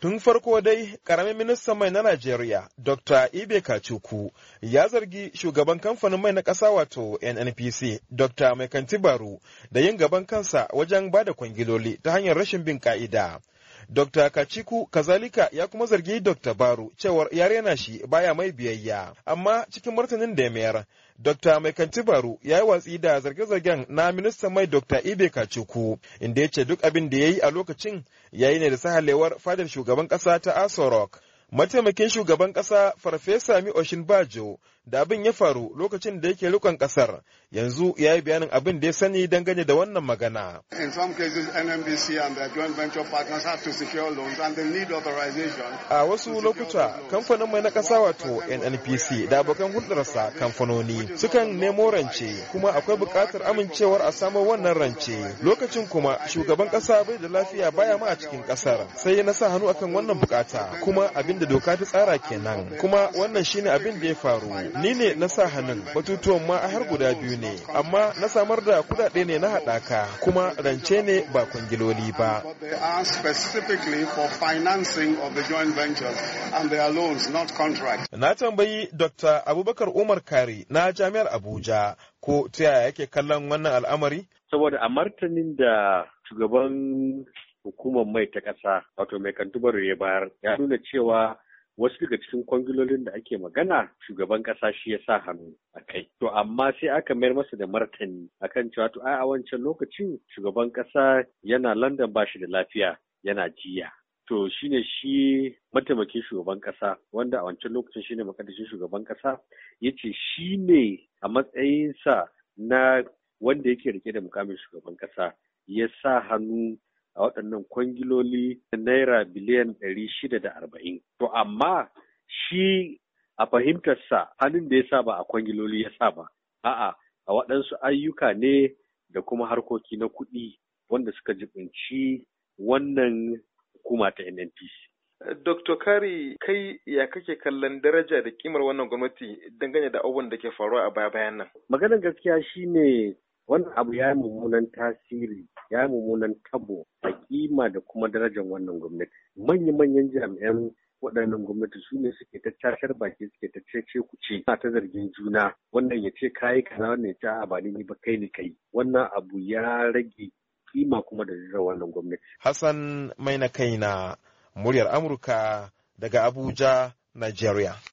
Tun farko dai, ƙaramin ministan mai na Najeriya, Dr. Ibe Kachuku, ya zargi shugaban kamfanin mai na ƙasa wato NNPC, Dr. Mai Kantibaru, da yin gaban kansa wajen ba da kwangiloli ta hanyar rashin bin ƙa'ida. Dr. Kaciku kazalika ya kuma zargi Dr. Baru cewar ya rena shi baya mai biyayya. Amma cikin martanin da ya mayar, Dr. Mai baru ya yi watsi da zarge-zargen na ministan mai Dr. Ibe Kaciku, inda ya ce duk abin da ya yi a lokacin ya yi ne da sahalewar fadar shugaban ƙasa ta Aso Rock. mataimakin shugaban ƙasa farfesa mi oshin bajo da abin ya faru lokacin da yake rikon ƙasar yanzu ya yi bayanin abin da ya sani dangane da wannan magana. A wasu lokuta kamfanin mai na ƙasa wato NNPC da abokan hulɗarsa kamfanoni sukan nemo rance kuma akwai buƙatar amincewar a samar wannan rance lokacin kuma shugaban ƙasa bai da lafiya baya ma a cikin ƙasar sai na sa hannu akan wannan buƙata kuma abin da yadda doka ta tsara kenan kuma wannan shine abin da ya faru ni ne na sa hannun batutuwan ma a har guda biyu ne amma na samar da kudade ne na haɗaka kuma rance ne ba kwangiloli ba na tambayi dr abubakar umar kari na jami'ar abuja ko ta yaya yake kallon wannan al'amari saboda a martanin da shugaban hukumar mai ta ƙasa wato mai kantubar ya bayar ya nuna cewa wasu daga cikin kwangilolin da ake magana shugaban kasa shi ya sa hannu a kai. To amma sai aka mayar masa da martani akan cewa to a wancan lokacin shugaban kasa yana London ba shi da lafiya yana jiya. To shine shi mataimakin shugaban kasa wanda a wancan lokacin shine makadashin shugaban kasa ya ce shi ne a matsayinsa na wanda yake rike da mukamin shugaban kasa ya sa hannu a waɗannan kwangiloli naira biliyan ɗari shida da arba'in. To amma shi a fahimtarsa hannun da ya ba a kwangiloli ya sa ba. A'a a waɗansu ayyuka ne da kuma harkoki na kuɗi wanda suka jibinci wannan hukuma ta NNPC. Dr. Kari, kai ya kake kallon daraja da kimar wannan gwamnati dangane da abubuwan da ke faruwa a baya bayan nan? Maganar gaskiya shine wannan abu ya yi mummunan tasiri ya yi mummunan tabo a kima da kuma darajar wannan gwamnati manya-manyan jami'an waɗannan gwamnati su ne suke ta cashar baki suke ta cece kuce na ta zargin juna wannan ya ce kayi kaza wannan ya ce a ba ni ba kai ni kai wannan abu ya rage kima kuma da darajar wannan gwamnati Hassan Maina Kaina muryar Amurka daga Abuja Nigeria